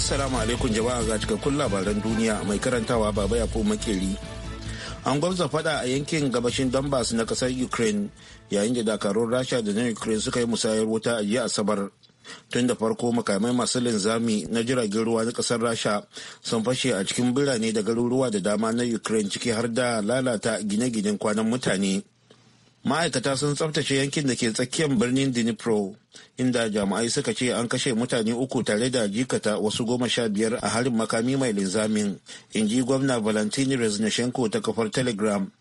Assalamu alaikum jama'a ga cikakkun labaran duniya mai karantawa baba ya makeri. An gwamza fada a yankin gabashin Donbass na kasar Ukraine yayin da dakarun Rasha da na Ukraine suka yi musayar wuta a jiya Asabar. Tun da farko makamai masu linzami na jiragen ruwa na kasar Rasha sun fashe a cikin birane da garuruwa da dama na Ukraine ciki har da lalata gine-ginen kwanan mutane. ma'aikata sun tsabtace yankin da ke tsakiyar birnin dnipro inda jami'ai suka ce an kashe mutane uku tare da jikata wasu goma sha biyar a harin makami mai linzamin in ji gwamna valentini reznashenko ta kafar telegram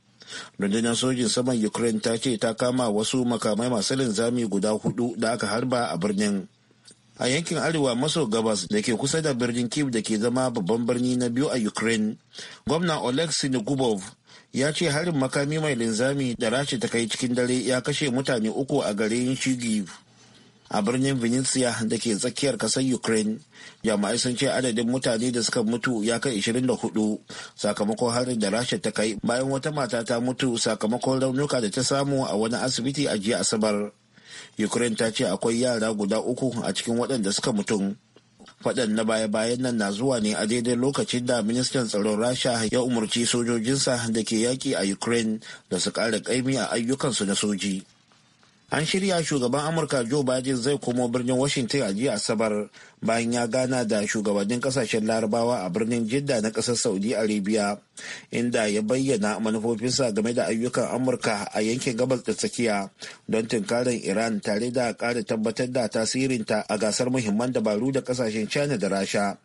rundunar sojin saman ukraine ta ce ta kama wasu makamai masu linzami guda hudu da aka harba a birnin a yankin arewa maso gabas da ke kusa da birnin kiev da ke zama babban birni na biyu a ukraine gwamna oleg sinigubov ya ce harin makami mai linzami da rashi ta kai cikin dare ya kashe mutane uku a garin shigiv a birnin venetia da ke tsakiyar kasar ukraine jama'ai sun ce adadin mutane da suka mutu ya kai 24 sakamakon harin da rasha ta kai bayan wata mata ta mutu sakamakon raunuka da ta samu a wani asibiti a jiya asabar ukraine ta ce akwai yara guda uku a cikin waɗanda suka mutum faɗan na baya-bayan nan na zuwa ne a daidai lokacin da ministan tsaron rasha ya umarci sojojinsa da ke yaƙi a ukraine da su ƙara ƙaimi a ayyukansu na soji An shirya shugaban Amurka Joe Biden zai komo birnin Washington a jiya Asabar bayan ya gana da shugabannin kasashen larabawa a birnin Jidda na ƙasar Saudi Arabia, inda ya bayyana manufofinsa game da ayyukan Amurka a yankin gabas da tsakiya don tunkarar Iran tare da ƙara tabbatar da tasirinta a gasar muhimman dabaru da kasashen China da Rasha.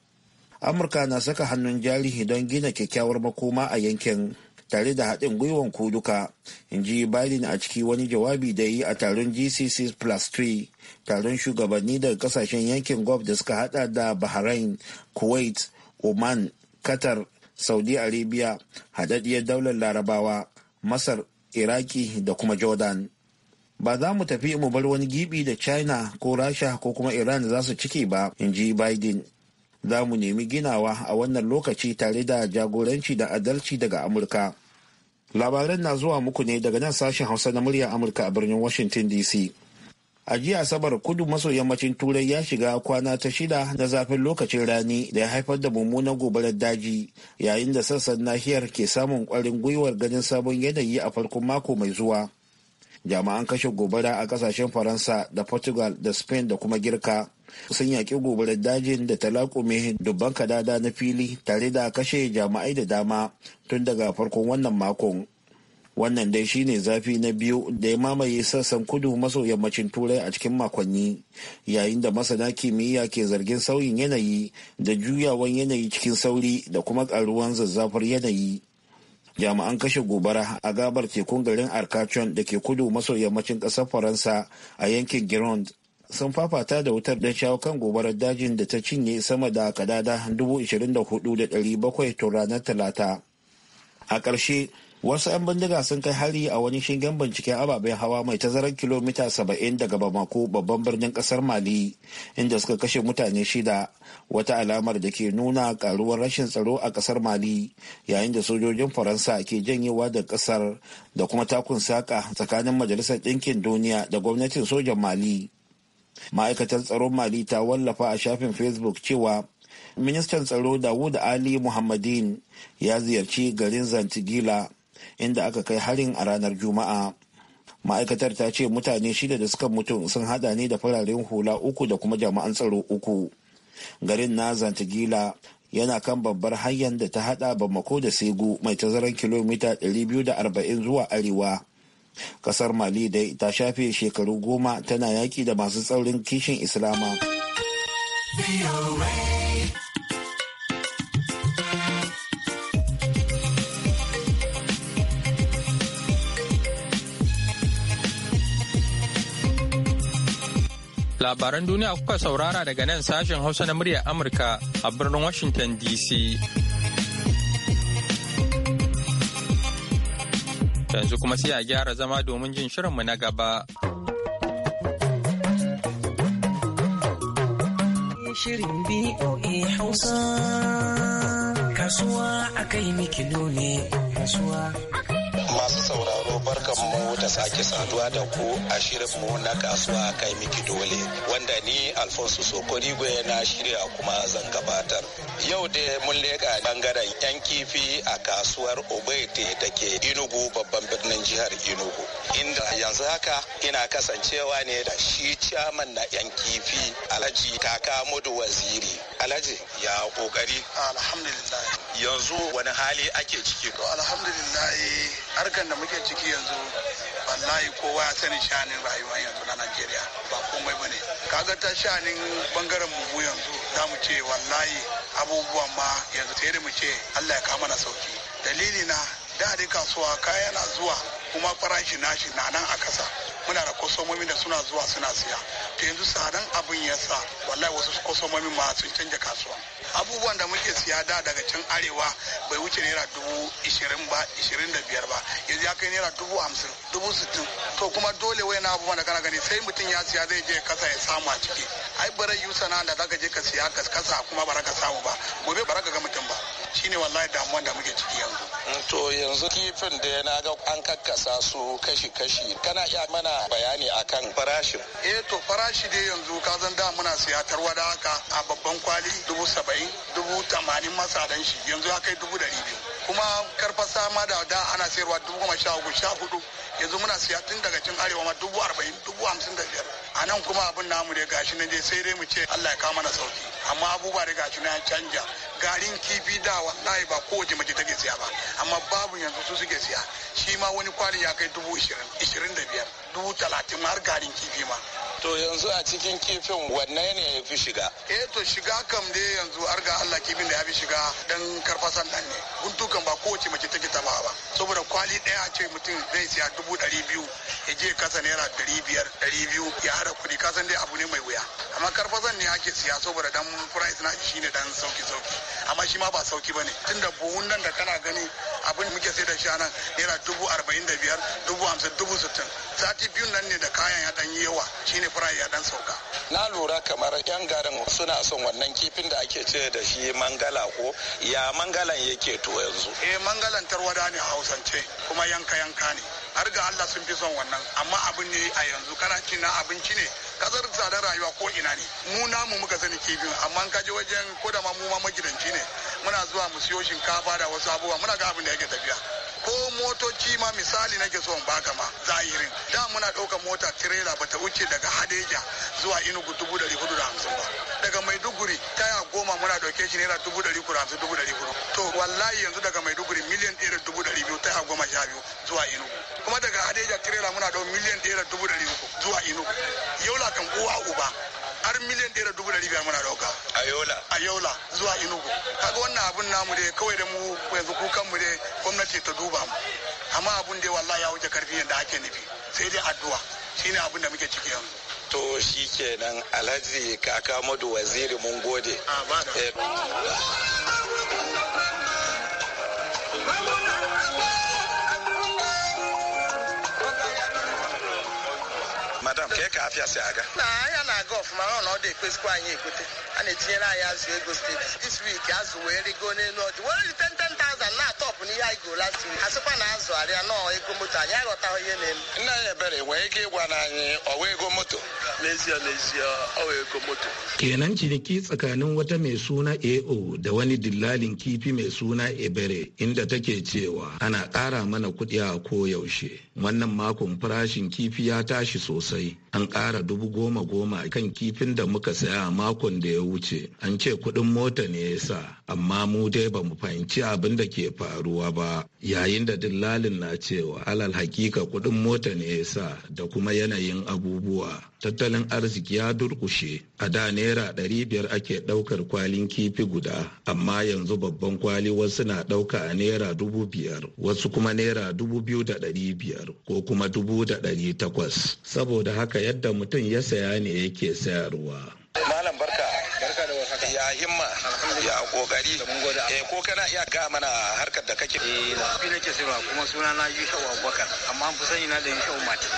Amurka na saka hannun jari don gina kyakkyawar makoma a yankin. tare da haɗin gwiwan kuduka, duka in ji biden a ciki wani jawabi da yi a taron gcc plus 3 taron shugabanni daga ƙasashen yankin gov da suka hada da bahrain kuwait oman qatar saudi arabia haɗaɗɗiyar daular larabawa masar iraki da kuma jordan ba za mu tafi mu bar wani gibi da china ko rasha ko kuma iran za su ciki ba in ji biden za mu nemi ginawa a wannan lokaci tare da jagoranci da adalci daga amurka labaran na zuwa muku ne daga nan sashen hausa na murya amurka a birnin washington dc a jiya asabar kudu maso yammacin turai ya shiga kwana ta shida na zafin lokacin rani da ya haifar da mummunan gobarar daji yayin da sassan nahiyar ke samun kwarin gwiwar ganin sabon yanayi a farkon mako mai zuwa jama'an kashe gobara a kasashen faransa da portugal da spain da kuma girka sun yaƙi gobarar dajin da ta laƙume dubban kadada na fili tare da kashe jama'ai da dama tun daga farkon wannan makon wannan dai shine zafi na biyu da ya mamaye sassan kudu maso yammacin turai a cikin makonni yayin da masana kimiyya ke zargin sauyin yanayi da juyawan yanayi cikin sauri da kuma ƙaruwan zazzafar yanayi jami'an kashe gobara a gabar tekun garin arcachon da ke kudu maso yammacin ƙasar faransa a yankin gironde sun fafata da wutar da shawo kan gobarar dajin da ta cinye sama da kadada 24,700 tun ranar talata a ƙarshe wasu 'yan bindiga sun kai hari a wani shingen binciken ababen hawa mai tazarar kilomita 70 daga bamako babban birnin kasar mali inda suka kashe mutane shida wata alamar da ke nuna karuwar rashin tsaro a kasar mali yayin da sojojin faransa ke janyewa da kasar da kuma takun saka tsakanin majalisar ɗinkin duniya da gwamnatin sojan mali ma'aikatar tsaron mali ta wallafa a shafin facebook cewa ministan tsaro dawud ali muhammadin ya ziyarci garin zantigila inda aka kai harin a ranar juma'a ma'aikatar ta ce mutane shida da suka mutu sun hada ne da fararen hula uku da kuma jama'an tsaro uku garin na zantagila yana kan babbar hanyar da ta hada bamako da segu mai tazarar kilomita 240 zuwa arewa kasar mali dai ta shafe shekaru goma tana yaki da masu tsaurin kishin islama Labaran duniya kuka saurara daga nan sashen Hausa na muryar Amurka a birnin Washington DC. Yanzu kuma sai a gyara zama domin jin shirinmu na gaba. Shirin BOA Hausa kasuwa miki nune kasuwa. Masu sauraro barkan muka sake saduwa da ku a shirin mu na kasuwa kai miki dole wanda ni alfonso sokorigwe na shirya kuma zan gabatar yau da mun leka bangaren yan kifi a kasuwar obete da ke inugu babban birnin jihar inugu inda yanzu haka ina kasancewa ne da shi ciyaman na yan kifi alhaji kaka mudu waziri alhaji ya kokari alhamdulillah yanzu wani hali ake ciki to alhamdulillah harkar da muke ciki yanzu wallahi kowa ya sani shanin rayuwa yanzu na najeriya ba komai bane kaga ta shanin bangaren mu yanzu za mu ce wallahi abubuwan ma yanzu sai da mu ce allah ya kama na sauki dalili na da kasuwa kaya na zuwa kuma farashi nashi na nan a kasa muna da kwasomomi da suna zuwa suna siya to yanzu sadan abin ya sa wallahi wasu kwasomomi ma sun canja kasuwa abubuwan da muke siya da daga can arewa bai wuce naira dubu ishirin ba ishirin da biyar ba yanzu ya kai naira dubu hamsin dubu sittin to kuma dole na abubuwan da kana gani sai mutum ya siya zai je kasa ya samu a ciki ai bara yi sana da zaka je ka siya ka kasa kuma bara ka samu ba gobe bara ka ga mutum ba shine wallahi damuwan da muke ciki yanzu To yanzu kifin da na ga an kakkasa su kashi-kashi kana iya mana bayani akan farashin. Eh to farashi dai yanzu ka zan da muna siya da haka a babban kwali dubu saba'in dubu tamanin masa dan shi yanzu ya kai dubu dari biyu. Kuma karfasa ma da da ana sayarwa dubu goma sha uku sha hudu yanzu muna siya tun daga cin arewa ma dubu arba'in dubu hamsin da biyar. A nan kuma abin namu dai gashi na dai sai dai mu ce Allah ya kama na sauki amma abubuwa da gashi na canja garin kifi da wallahi ba kowace mace take siya ba amma babu yanzu su suke siya shi ma wani kwalin ya kai dubu ishirin ishirin da biyar dubu talatin har garin kifi ma to yanzu a cikin kifin wanne ne ya fi shiga eh to shiga kam dai yanzu har ga Allah kifin da ya fi shiga dan karfasan nan ne guntukan ba ko kowace mace take taba ba saboda kwali daya ce mutum zai siya dubu dari biyu ya je kasa naira dari biyar dari biyu ya hada kuɗi kasan dai abu ne mai wuya amma karfasan ne ake siya saboda dan price na shi ne dan sauki sauki amma shi ma ba sauki ba ne tunda buhun nan da kana gani abin muke sai da shi nan naira dubu arba'in da biyar dubu hamsin dubu sittin sati biyun nan ne da kayan ya dan yi yawa shine farayi ya dan sauka. na lura kamar yan garin suna son wannan kifin da ake ce da shi mangala ko ya mangalan yake to yanzu. eh mangalan tarwada ne a hausance kuma yanka yanka ne. har ga Allah sun fi son wannan amma abin ne a yanzu karaci na abinci ne kasar tsadar rayuwa ko ina ne mu namu muka sani kifin amma ka je wajen ko da ma mu ma magidanci ne muna zuwa mu siyo shinkafa da wasu abubuwa muna ga abin da yake tafiya ko motoci ma misali nake son baka ma zahirin da muna ɗaukar mota tirela bata wuce daga hadeja zuwa inugu dubu ɗari hudu da hamsin ba daga maiduguri taya goma muna ɗauke shi naira dubu ɗari kudu hamsin dubu ɗari hudu to wallahi yanzu daga maiduguri miliyan ɗaya da dubu ɗari biyu taya goma sha biyu zuwa inugu kuma daga hadeja tirela muna ɗau miliyan ɗaya da dubu ɗari uku zuwa inugu yau kan uwa uba har miliyan ɗaya da dubu ɗari biyar muna ɗauka. Ayola. Ayola zuwa Inugu. Kaga wannan abun namu dai kawai da mu yanzu kukan mu dai gwamnati ta duba mu. Amma abun dai wallahi ya wuce karfi yadda ake nufi. Sai dai addu'a shine abun da muke ciki yanzu. To shi kenan Alhaji kaka madu Waziri mun gode. A ah, ba eh. madam ka ka afịa si aga na anya na-aga ọfụma ọ na ọ dị ekwesikwa anyị ekwete a na-etinyere anyị azụ ego steeti this week azụ wee rigo n'elu ọjị were rite ntenta azara na-atọpụ n'ihe anyị goro last week asịkwa na azụgharịa nọọ ego moto anyị aghọtaghị ihe na-eme nna anyị ebere nwere ike ịgwa na anyị ọwa ego moto n'ezie n'ezie ọwa ego moto kenan ciniki tsakanin wata mai suna ao da wani dillalin kifi mai suna ebere inda take cewa ana ƙara mana kuɗi a koyaushe wannan makon farashin kifi ya tashi sosai an ƙara dubu goma goma kan kifin da muka saya a makon da ya wuce an ce kuɗin mota ne ya sa amma mu dai ba mu fahimci abin da ke faruwa ba yayin da dillalin na cewa alal hakika kuɗin mota ne ya sa da kuma yanayin abubuwa tattalin arziki ya durkushe a da naira ɗari biyar ake ɗaukar kwalin kifi guda amma yanzu babban kwali wasu na ɗauka a naira dubu biyar wasu kuma naira dubu biyu da ɗari biyar ko kuma dubu da ɗari takwas saboda haka yadda mutum ya saya ne yake sayarwa. Malam barka, barka da warhaka. Ya himma, ya kokari. Eh ko kana iya ga mana harkar da kake. Eh, ni nake sayarwa kuma suna na Yusuf Abubakar, amma an fi sani na da Yusuf Mati.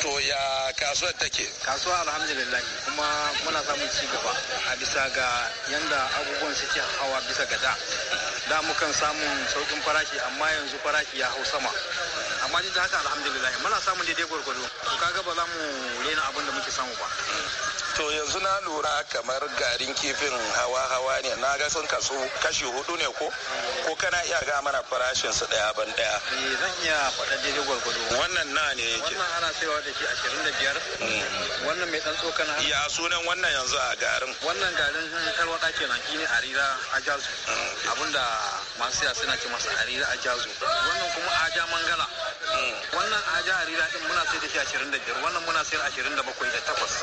to ya kasuwar take kasuwa alhamdulillah kuma muna samun ci gaba a bisa ga yanda abubuwan suke hawa bisa ga da da mukan samun saukin farashi amma yanzu farashi ya hau sama amma duk da haka alhamdulillah muna samun daidai gwargwado to kaga ba za mu rena abin da muke samu ba to yanzu na lura kamar garin kifin hawa-hawa ne na ga sun kasu kashi hudu ne ko ko kana iya ga mana farashin su daya ban daya eh, zan iya faɗa daidai gwargwado wannan na ne yake wannan ana saiwa da shi ashirin da biyar mm. wannan mai ɗan tsokan ya sunan wannan yanzu a garin wannan garin tarwaɗa kenan ne arira ajazu. Mm. abinda masu yasa suna ce masa arira ajazu. wannan kuma aja mangala mm. wannan aja arira din muna sai da shi ashirin da biyar wannan muna sai ashirin da bakwai da takwas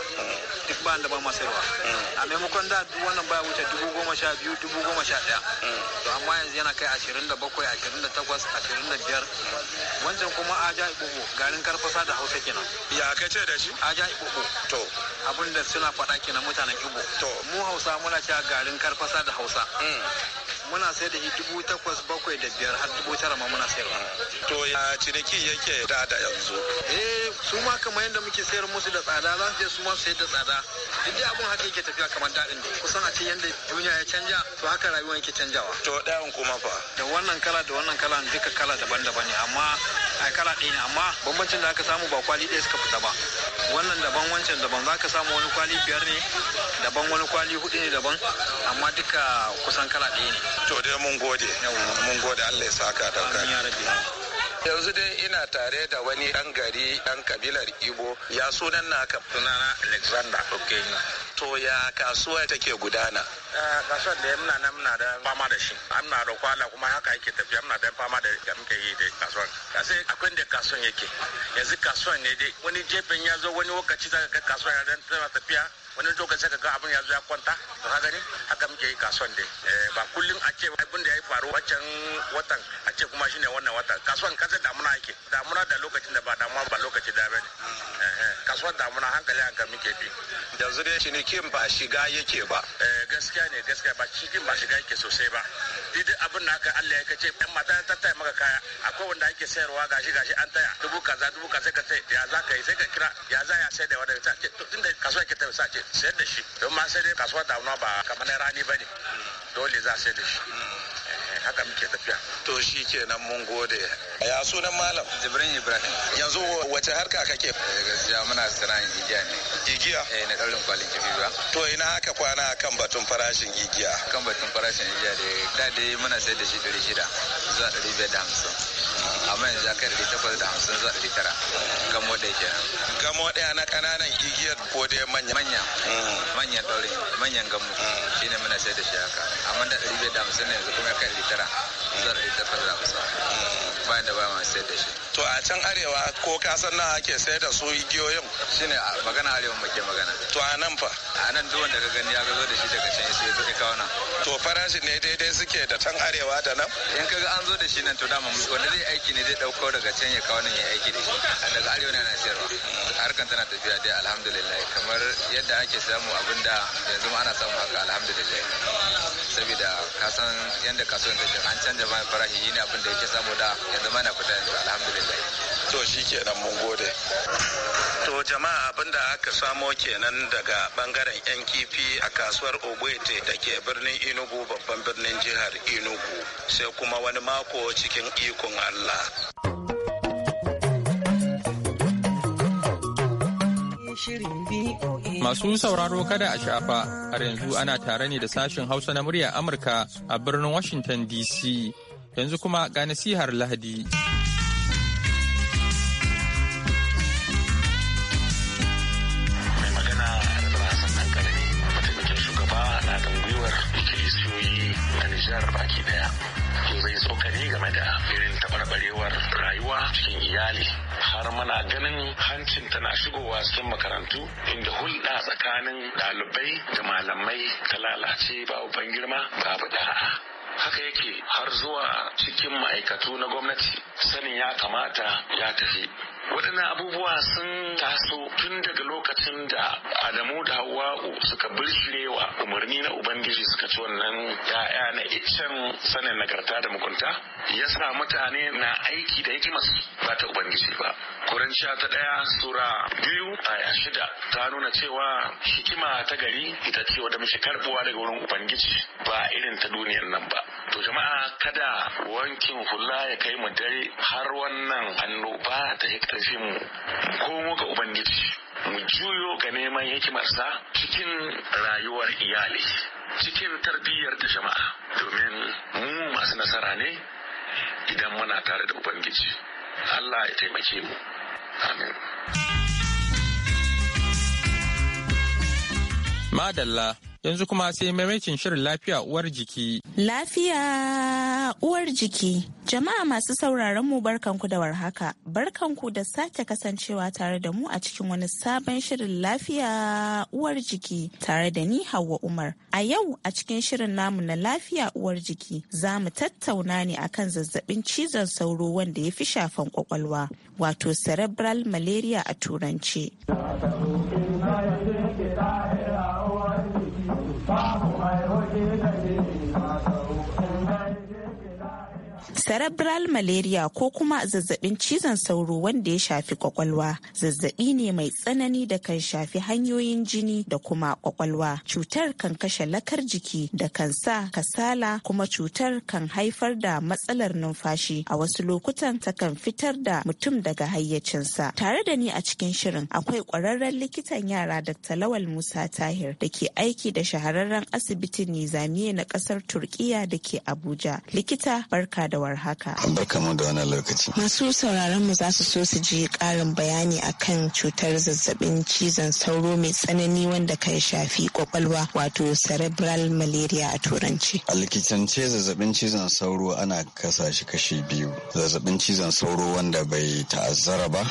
duk ba da ba masu yawa mm. a maimakon da duk wannan baya wuce dubu goma sha biyu dubu goma sha ɗaya mm. to amma yanzu yana kai ashirin da bakwai ashirin da takwas ashirin da biyar mm. wancan kuma aja ibubu garin karfasa da hausa kenan ya ka ce da shi aja ibubu to abin da suna faɗa kenan mutanen ibo to mu hausa muna cewa garin karfasa da hausa muna sai da dubu takwas bakwai da biyar har dubu tara ma muna sayarwa. To ya ciniki yake da da yanzu? Eh su ma kamar yadda muke sayar musu da tsada za su je su ma sayar da tsada. Duk abun haka yake tafiya kamar daɗin da kusan a ce yadda duniya ya canja to haka rayuwa yake canjawa. To dayan kuma fa? Da wannan kala da wannan kala duka kala daban-daban ne amma ai kala ɗaya ne amma bambancin da aka samu ba kwali ɗaya suka fita ba. wannan daban wancan daban za ka samu wani kwali biyar ne daban wani kwali hudu ne daban amma duka kusan kala ɗaya ne to dai mun gode mun gode Allah ya saka da yanzu dai ina tare da wani dan gari ɗan kabilar ibo ya sunan naka sunana alexander okay to ya kasuwa take gudana ah, kasuwar da muna na muna da fama da shi muna da kwala kuma haka yake tafiya muna da fama da ya muka yi da kasuwan kasi akwai da kasuwar yake yanzu kasuwan ne dai wani jefin ya zo wani lokaci zaka ga kasuwar ya dan tafiya wani lokacin ka ga abin ya zo ya kwanta to ka gani haka muke yi kasuwan dai eh, ba kullum a ce abin da ya faru waccan watan a ce kuma shine wannan watan kasuwan kasa damuna yake damuna da lokacin da ba damuwa ba lokaci da bane eh, eh, kasuwan damuna hankali hankali muke bi yanzu dai shi ne kin ba shiga yake ba gaskiya ne gaskiya ba shi kin ba shiga yake sosai ba didi abin da aka Allah ya kace ɗan mata ta tattaya maka kaya akwai wanda ake sayarwa gashi gashi an taya dubu kaza dubu kaza ka sai ya za ka yi sai ka kira ya za ya sai da wanda ta ce to da kasuwa ke ta sace sayar da shi don ma sai dai kasuwar damuna ba kamar na rani ba ne dole za sai sayar da shi eh, haka muke tafiya to shi nan mun gode ya sunan malam jibrin ibrahim yanzu wace harka kake eh, gaskiya muna sana'an igiya ne igiya eh na daurin kwalin kifi ba to ina haka kwana kan batun farashin igiya kan batun farashin igiya da da dai muna sayar da shi 600 zuwa 550 amma yanzu aka kai ɗari takwas da hamsin zuwa ɗari tara gamo ɗaya kenan. Gamo ɗaya na ƙananan igiyar ko dai manya. Manya. Mm. manya ɗaure manyan gamo mm. shi ne muna sai da shi haka amma da ɗari biyar da hamsin ne yanzu kuma ya kai ɗari tara zuwa ɗari takwas da hamsin. Mm. ba da ba ma sayar da shi to a can arewa ko ka san na ake sayar da su igiyoyin shine magana arewa muke magana to a nan fa a nan duk wanda ka gani ya zo da shi daga can sai ya kawo nan to farashin ne daidai suke da can arewa da nan in ka ga an zo da shi nan to dama wanda zai aiki ne zai dauko daga can ya kawo nan ya aiki da shi daga arewa ne ana sayarwa harkan tana tafiya dai alhamdulillah kamar yadda ake samu abinda yanzu ma ana samu haka alhamdulillah saboda kasan yadda kasuwan ke an canza ma farashi yi ne abin da yake samu da ya zama na fita yanzu alhamdulillah to shi kenan mun gode to jama'a abin da aka samo kenan daga bangaren yan kifi a kasuwar ogbete da ke birnin inugu babban birnin jihar inugu sai kuma wani mako cikin ikon allah Masu sauraro kada a shafa, har yanzu ana tare ne da sashen Hausa na murya Amurka a birnin Washington DC. Yanzu kuma ga nasihar Lahadi. Mai magana shugaba na jihar baki daya to zai tsokani game da irin tabarbarewar rayuwa cikin iyali har mana ganin hancin tana shigowa cikin makarantu inda hulɗa tsakanin ɗalibai da malamai ta lalace babu ban girma babu da'a haka yake har zuwa cikin ma'aikatu na gwamnati sanin ya kamata ya tafi waɗannan abubuwa sun taso tun daga lokacin da adamu da hawa'u suka birshirewa umarni na ubangiji suka ci wannan ya'ya na iccen sanin nagarta da mugunta ya sa mutane na aiki da hikimarsu ba ta ubangiji ba sha ta ɗaya sura biyu aya shida ta nuna cewa hikima ta gari ita ce wadda mace karbuwa daga wurin ubangiji ba irin ta duniyar nan ba to jama'a kada wankin hula ya kai mu dare har wannan annoba ta hikima halice mu ko muka ga ubangiji mu juyo ga neman hikimarsa cikin rayuwar iyali cikin tarbiyyar ta jama'a domin mu masu nasara ne idan muna tare da ubangiji Allah ya taimake mu amin madalla Yanzu kuma sai maimakin shirin lafiya uwar jiki. Lafiya uwar jiki. Jama'a masu sauraron mu barkanku da warhaka. Barkanku da sake kasancewa tare da mu a cikin wani sabon shirin lafiya uwar jiki tare da ni Hauwa Umar. A yau a cikin shirin namu na lafiya uwar jiki za mu tattauna ne akan zazzabin cizon sauro wanda ya fi shafan kwakwalwa wato cerebral malaria a turanci. cerebral malaria ko kuma zazzabin cizon sauro wanda ya shafi kwakwalwa zazzabi ne mai tsanani da kan shafi hanyoyin jini da kuma kwakwalwa cutar kan kashe lakar jiki da kan sa kasala kuma cutar kan haifar da matsalar numfashi a wasu lokutan ta kan fitar da mutum daga hayyacinsa tare da ni a cikin shirin akwai kwararren likitan yara da Talawal musa tahir da ke aiki da shahararren asibitin nizamiya na kasar turkiya da ke abuja likita barka da war haka. Barkamu da wani lokaci. Masu sauraron mu za su so su ji karin bayani akan cutar zazzabin cizon sauro mai tsanani wanda kan shafi kwakwalwa wato cerebral malaria a turanci. A likitance zazzabin cizon sauro ana kasa shi kashi biyu. Zazzabin cizon sauro wanda bai ta'azzara ba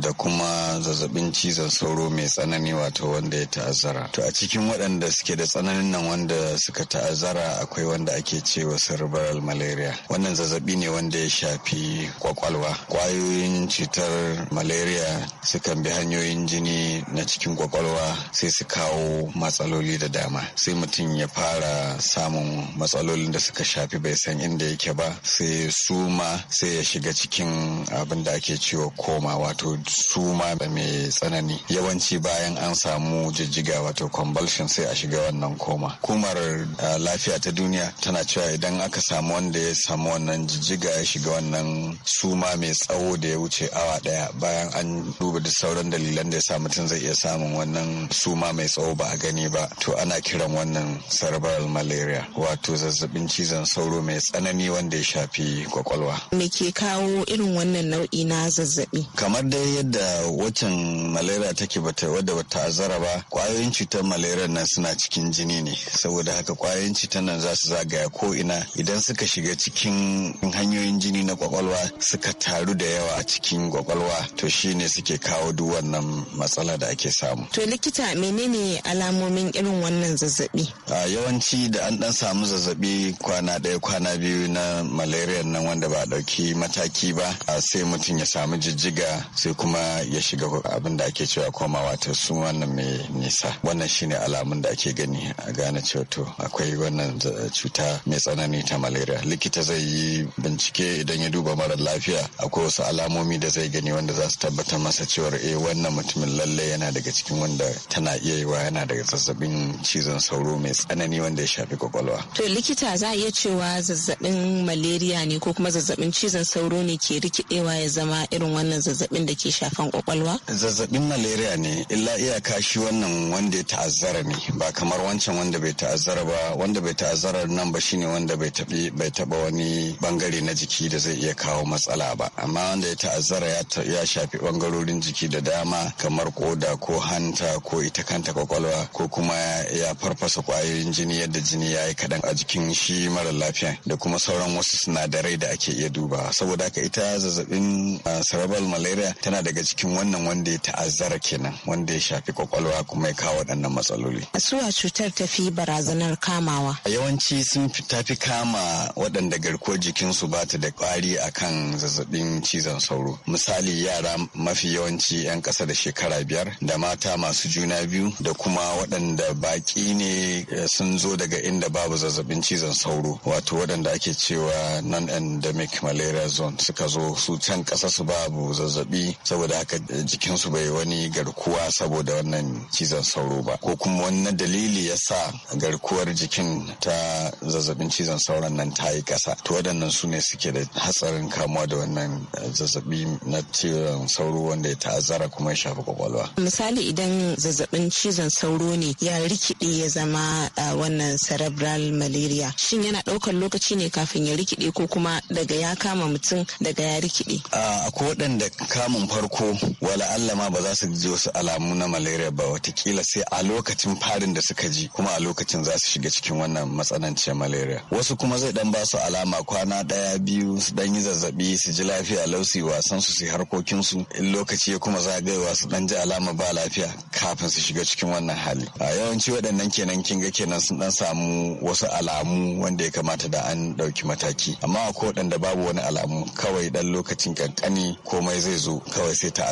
da kuma zazzabin cizon sauro mai tsanani wato wanda ya ta'azzara to a cikin waɗanda suke da tsananin nan wanda suka ta'azzara akwai wanda ake cewa cerebral malaria wannan zazzabi ne wanda ya shafi kwakwalwa kwayoyin cutar malaria sukan bi hanyoyin jini na cikin kwakwalwa sai su kawo matsaloli da dama sai mutum ya fara samun matsalolin da suka shafi bai san inda yake ba sai suma sai ya shiga cikin abin da ake cewa koma wato suma mai tsanani yawanci bayan an samu jijjiga wato convulsion sai a shiga wannan koma kumar eh, lafiya ta duniya tana cewa idan aka samu wanda ya samu wannan jijjiga ya shiga wannan suma mai tsawo da ya wuce awa daya bayan an duba duk sauran dalilan da ya sa mutum zai iya samun wannan suma mai tsawo ba a gani ba to ana kiran wannan cerebral malaria wato zazzabin cizon sauro mai tsanani wanda ya shafi kwakwalwa me ke kawo irin wannan nau'i na zazzabi kamar dai yadda waccan malaria take bata wadda bata azara ba kwayoyin cutar malaria nan suna cikin jini ne saboda haka kwayoyin cutar nan za su zagaya ko ina idan suka shiga cikin hanyoyin jini na kwakwalwa suka taru da yawa a cikin kwakwalwa to shine suke kawo duk wannan matsala da ake samu to likita menene alamomin irin wannan zazzabi a yawanci da an dan samu zazzabi kwana ɗaya kwana biyu na malaria nan wanda ba dauki ɗauki mataki ba sai mutum ya samu jijjiga sai kuma ya shiga abin da ake cewa komawa ta su wannan mai nisa wannan shine alamun da ake gani a gane cewa to akwai wannan cuta mai tsanani ta malaria likita zai yi bincike idan ya duba mara lafiya akwai wasu alamomi da zai gani wanda za su tabbatar masa cewar eh wannan mutumin lallai yana daga cikin wanda tana iya yiwa yana daga zazzabin cizon sauro mai tsanani wanda ya shafi kwakwalwa to likita za a iya cewa zazzabin malaria ne ko kuma zazzabin cizon sauro ne ke rikidewa ya zama irin wannan zazzabin da ke ke shafan kwakwalwa? Zazzabin malaria ne illa iyaka shi wannan wanda ya ta'azzara ne ba kamar wancan wanda bai ta'azzara ba wanda bai ta'azzara nan ba shine wanda bai tabi bai taba wani bangare na jiki da zai iya kawo matsala ba amma wanda ya ta'azzara ya shafi bangarorin jiki da dama kamar koda ko hanta ko ita kanta kwakwalwa ko kuma ya farfasa kwayoyin jini yadda jini ya yi kaɗan a jikin shi mara lafiya da kuma sauran wasu sinadarai da ake iya duba saboda haka ita zazzabin ah, cerebral malaria tana yana daga cikin wannan wanda ya ta'azzara kenan wanda ya shafi kwakwalwa kuma ya kawo waɗannan matsaloli. Suwa cutar ta fi barazanar kamawa. Yawanci sun ta fi kama waɗanda garkuwar jikinsu ba ta da ƙwari a kan zazzabin cizon sauro. Misali yara mafi yawanci 'yan ƙasa da shekara biyar da mata masu juna biyu da kuma waɗanda baƙi ne eh, sun zo daga inda babu zazzabin cizon sauro wato waɗanda ake cewa non-endemic malaria zone suka zo su can ƙasa su babu zazzabi saboda haka jikinsu bai wani garkuwa saboda wannan cizon sauro ba ko kuma wannan dalili ya sa garkuwar jikin ta zazzabin cizon sauron nan ta yi ƙasa to waɗannan su ne suke da hatsarin kamuwa da wannan eh, zazzabi na cizon sauro wanda ya ta'azzara kuma ya shafi kwakwalwa misali idan zazzabin cizon sauro ne ya rikide ya zama eh, wannan cerebral malaria shin yana ɗaukar lokaci ne kafin ya rikide ko kuma daga ya kama mutum daga ya rikide ah, akwai waɗanda kamun farko wala Allah ma ba za su ji wasu alamu na malaria ba watakila sai a lokacin farin da suka ji kuma a lokacin za su shiga cikin wannan matsananciyar malaria wasu kuma zai dan ba su alama kwana daya biyu su dan yi zazzabi su ji lafiya lausi wasan su su harkokin su in lokaci ya kuma zagayewa su dan ji alama ba lafiya kafin su shiga cikin wannan hali a yawanci waɗannan kenan kin ga kenan sun dan samu wasu alamu wanda ya kamata da an ɗauki mataki amma akwai waɗanda babu wani alamu kawai dan lokacin kankani komai zai zo kawai kawai sai ta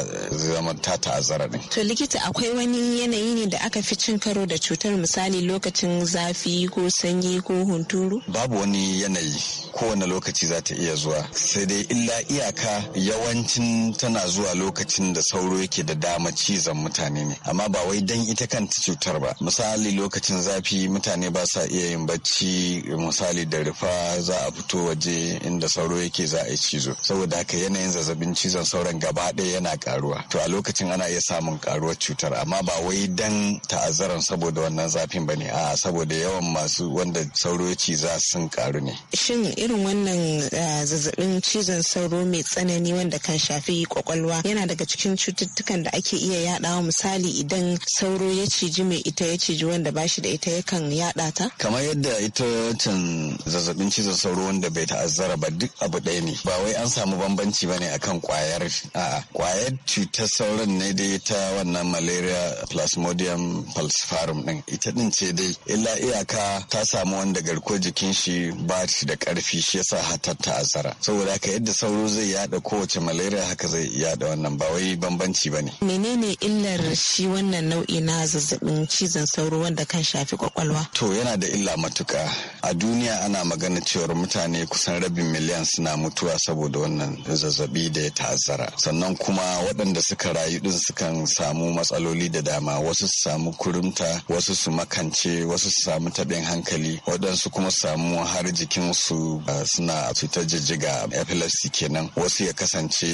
zama ta ta'azzara ne. To likita akwai wani yanayi ne da aka fi cin karo da cutar misali lokacin zafi ko sanyi ko hunturu? Babu wani yanayi kowane lokaci za ta iya zuwa sai dai illa iyaka yawancin tana zuwa lokacin da sauro yake da dama cizon mutane ne amma ba wai dan ita kanta cutar ba misali lokacin zafi mutane ba sa iya yin bacci misali da rufa za a fito waje inda sauro yake za a yi cizo saboda haka yanayin zazzabin cizon sauran gaba dai yana karuwa to a lokacin ana iya samun karuwar cutar amma ba wai dan ta'azzaran saboda wannan zafin bane a saboda yawan masu wanda sauro ya ciza sun karu ne shin irin wannan eh, zazzabin cizon sauro mai tsanani wanda kan shafi kwakwalwa yana daga cikin cututtukan da ake iya yadawa misali idan sauro ya ciji mai ita ya ciji wanda bashi da ita yakan yada ta kamar yadda ita can zazzabin cizon sauro wanda bai ta'azzara ba duk abu ɗaya ne ba wai an samu bambanci bane akan kwayar a'a kwayar cutar sauran ne dai ta wannan malaria plasmodium falciparum din ita din ce dai illa iyaka ta samu wanda garkuwar jikin shi ba shi da karfi shi yasa hatar ta azara saboda haka yadda sauro zai yada kowace malaria haka zai yada wannan ba wai bambanci bane menene illar shi wannan nau'i na zazzabin cizon sauro wanda kan shafi kwakwalwa to yana da illa matuka a duniya ana magana cewar mutane kusan rabin miliyan suna mutuwa saboda wannan zazzabi da ya ta'azzara sannan sannan kuma waɗanda suka rayu ɗin sukan samu matsaloli da dama wasu su samu kurumta wasu su makance wasu su samu taɓin hankali waɗansu kuma su samu har jikin su eh, suna cutar jijjiga epilepsy kenan wasu ya kasance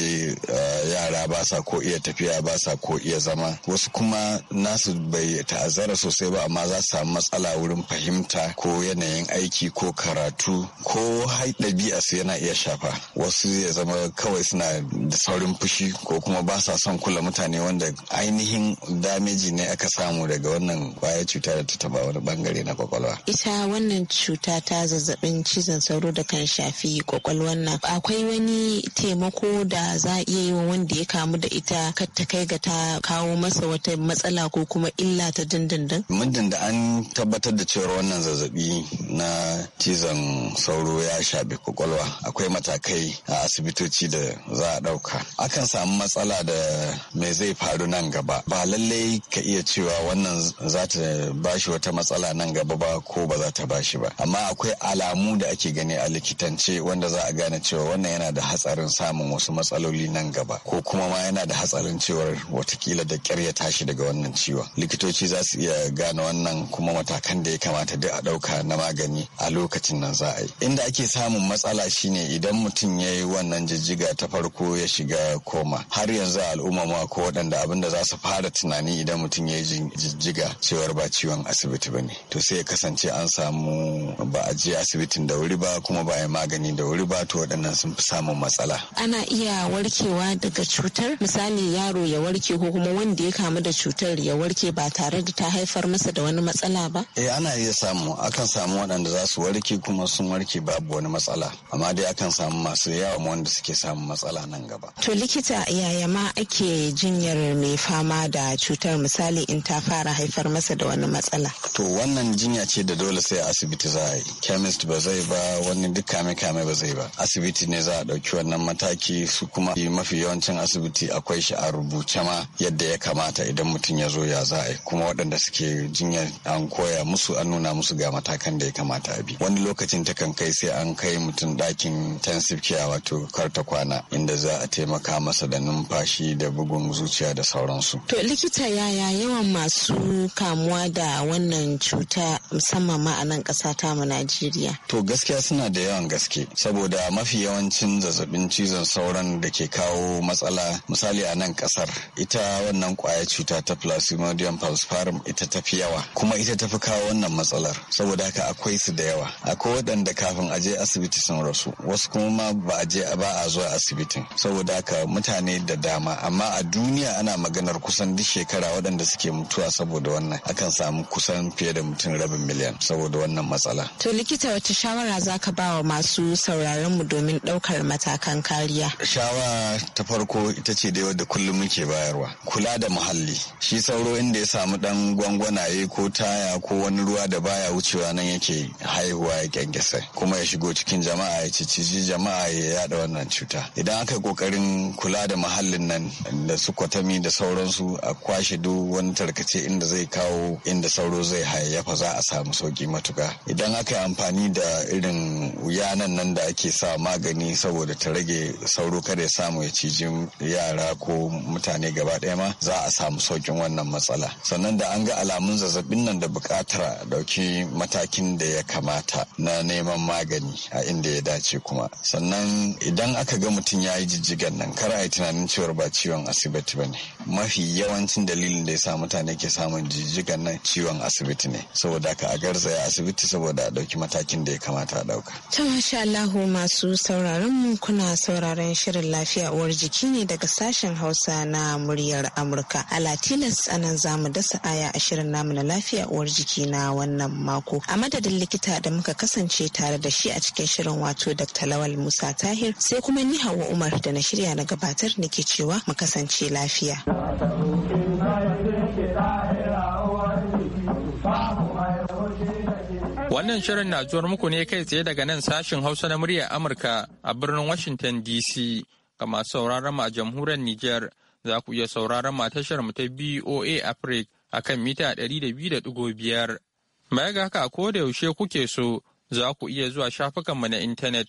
eh, yara ba sa ko iya tafiya ba sa ko iya zama wasu kuma nasu bai ta'azzara sosai ba amma za su samu matsala wurin fahimta ko yanayin aiki ko karatu ko ɗabi'a su yana iya shafa wasu ya zama kawai suna da saurin fushi ko kuma ba sa son kula mutane wanda ainihin dameji ne aka samu daga wannan kwayar cuta da ta taba wani bangare na kwakwalwa. Ita wannan cuta ta zazzabin cizon sauro da kan shafi kwakwalwan nan akwai wani taimako da za a iya yi wa wanda ya kamu da ita kar ta kai ga ta kawo masa wata matsala ko kuma illa ta dindindin. Muddin da an tabbatar da cewa wannan zazzabi na cizon sauro ya shafi kwakwalwa akwai matakai a asibitoci da za a ɗauka. Akan samu matsala da mai zai faru nan gaba ba lallai ka iya cewa wannan za ta bashi wata matsala nan gaba ba ko ba za ta bashi ba amma akwai alamu da ake gani a likitance wanda za a gane cewa wannan yana da hatsarin samun wasu matsaloli nan gaba ko kuma ma yana da hatsarin cewa watakila da kyar ya tashi daga wannan ciwon likitoci za su iya gane wannan kuma matakan da ya kamata duk a ɗauka na magani a lokacin nan za a yi inda ake samun matsala shine idan mutum ya yi wannan jijjiga ta farko ya shiga koma al'umma har yanzu al'umma ma ko waɗanda abin da za su fara tunani idan mutum ya yi jijjiga cewar ba ciwon asibiti ba ne to sai ya kasance an samu ba a je asibitin da wuri ba kuma ba a yi magani da wuri ba to waɗannan sun fi samun matsala ana iya warkewa daga cutar misali yaro ya warke ko kuma wanda ya kamu da cutar ya warke ba tare da ta haifar masa da wani matsala ba eh ana iya samu akan samu waɗanda za su warke kuma sun warke babu wani matsala amma dai akan samu masu yawa wanda suke samun matsala nan gaba to likita da yaya ma ake jinyar mai fama da cutar misali in ta fara haifar masa da wani matsala to wannan jinya ce da dole sai asibiti za a yi chemist ba zai ba wani duk kame kame ba zai ba asibiti ne za a ɗauki wannan mataki su kuma mafi yawancin asibiti akwai shi a rubuce ma yadda ya kamata idan mutum ya zo ya za a yi kuma waɗanda suke jinyar an koya musu an nuna musu ga matakan da ya kamata a bi wani lokacin takan kai sai an kai mutum ɗakin intensive care wato ta kwana inda za a taimaka masa da numfashi da bugun zuciya da sauransu. To likita yaya yawan masu kamuwa da wannan cuta musamman ma a nan ƙasa ta mu Najeriya? To gaskiya suna da yawan gaske saboda mafi yawancin zazzabin cizon sauran da ke kawo matsala misali a nan ƙasar ita wannan kwaya cuta ta Plasmodium falciparum ita ta fi yawa kuma ita ta fi kawo wannan matsalar saboda haka akwai su da yawa akwai waɗanda kafin a je asibiti sun rasu wasu kuma ba a je ba a zuwa asibitin saboda haka mutane mutane da dama amma a duniya ana maganar kusan duk shekara waɗanda suke mutuwa saboda wannan akan samu kusan fiye da mutum rabin miliyan saboda wannan matsala. To likita wata shawara za ka ba wa masu sauraron mu domin ɗaukar matakan kariya? Shawara ta farko ita ce da wadda kullum muke bayarwa. Kula da muhalli. Shi sauro inda ya samu ɗan gwangwanaye ko taya ko wani ruwa da baya wucewa nan yake haihuwa ya kyankyasa kuma ya shigo cikin jama'a ya cici jama'a ya yada wannan cuta. Idan aka kokarin kula da muhallin nan da su kwatami da sauransu a kwashe duk wani tarkace inda zai kawo inda sauro zai hayayyafa za a samu sauki matuka idan aka yi amfani da irin wuyanan nan da ake sa magani saboda ta rage sauro kada ya samu ya ciji yara ko mutane gaba ɗaya ma za a samu saukin wannan matsala sannan da an ga alamun zazzabin nan da buƙatar ɗauki matakin da ya kamata na neman magani a inda ya dace kuma sannan idan aka ga mutum ya yi jijjigan nan kar a yi tunanin cewar ba ciwon asibiti ba ne mafi yawancin dalilin da ya sa mutane ke samun jijjigan nan ciwon asibiti ne saboda ka a garzaya asibiti saboda a ɗauki matakin da ya kamata a ɗauka. ta masha Allahu masu sauraron mu kuna sauraron shirin lafiya uwar jiki ne daga sashen hausa na muryar amurka a latinas anan za mu dasa aya a shirin namu na lafiya uwar jiki na wannan mako a madadin likita da muka kasance tare da shi a cikin shirin wato dr lawal musa tahir sai kuma ni hawa umar da na shirya na gabata gabatar nake cewa mu kasance lafiya. Wannan shirin na zuwar muku ne kai tsaye daga nan sashin Hausa na muryar Amurka a birnin Washington DC ga masu sauraron mu a jamhuriyar Nijar za ku iya sauraron mu a tashar mu ta BOA Africa a kan mita 200.5. Mai ga haka a da yaushe kuke so za ku iya zuwa shafukanmu na intanet